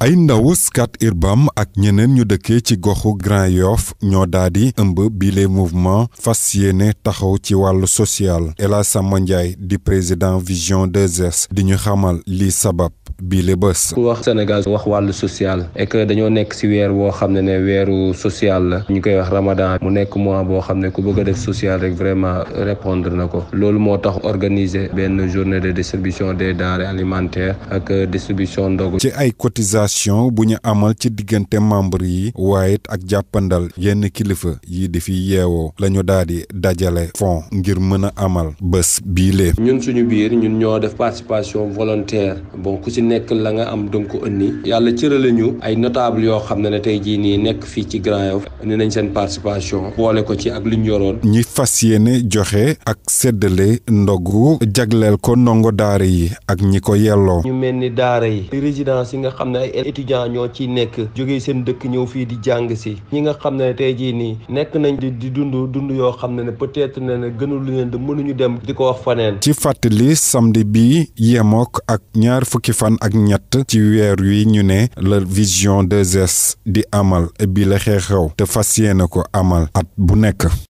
ay ndaw Scat Urbam ak ñeneen ñu dëkkee ci goxu Grand Yoff ñoo daldi ëmb bile mouvement fas yéene taxaw ci wàllu social El Hadj Samba Ndiaye di président Vision 2S di ñu xamal li sabab bii la bés. ku wax Sénégal wax wàllu social et dañoo nekk ci weer woo xam ne ne weeru social la ñu koy wax Ramadan mu nekk mois boo xam ne ku bëgg def social rek vraiment répondre na ko loolu moo tax organiser benn journée de distribution des denrées alimentaires ak euh, distribution ndogu. ci ay cotisation bu ñu amal ci diggante membre yi waaye ak jàppandal yenn kilifa yi di fi yeewoo lañu ñu daal di dajale fonds ngir mën a amal bés bii ñun suñu biir ñun nekk la nga am danga ko ënni yàlla cërale ñu ay notable yoo xam ne ne tey jii nii nekk fii ci Grand Yoff indi nañ seen participation boole ko ci ak lu ñu yoroon ñi fas yéene joxe ak séddale ndogu jagleel ko ndongo daara yi ak ñi ko yelloo ñu mel ni daara yi résidence yi nga xam ne ay étudiants ñoo ciy nekk jógee seen dëkk ñëw fii di jàng si ñi nga xam ne tey jii nii nekk nañ di di dund dund yoo xam ne ne peut-être ne ne gënul leen de mënuñu dem di ko wax fàttali ak ñett ci weer wi ñu ne la vision 2S di amal bi la te fas yéene ko amal at bu nekk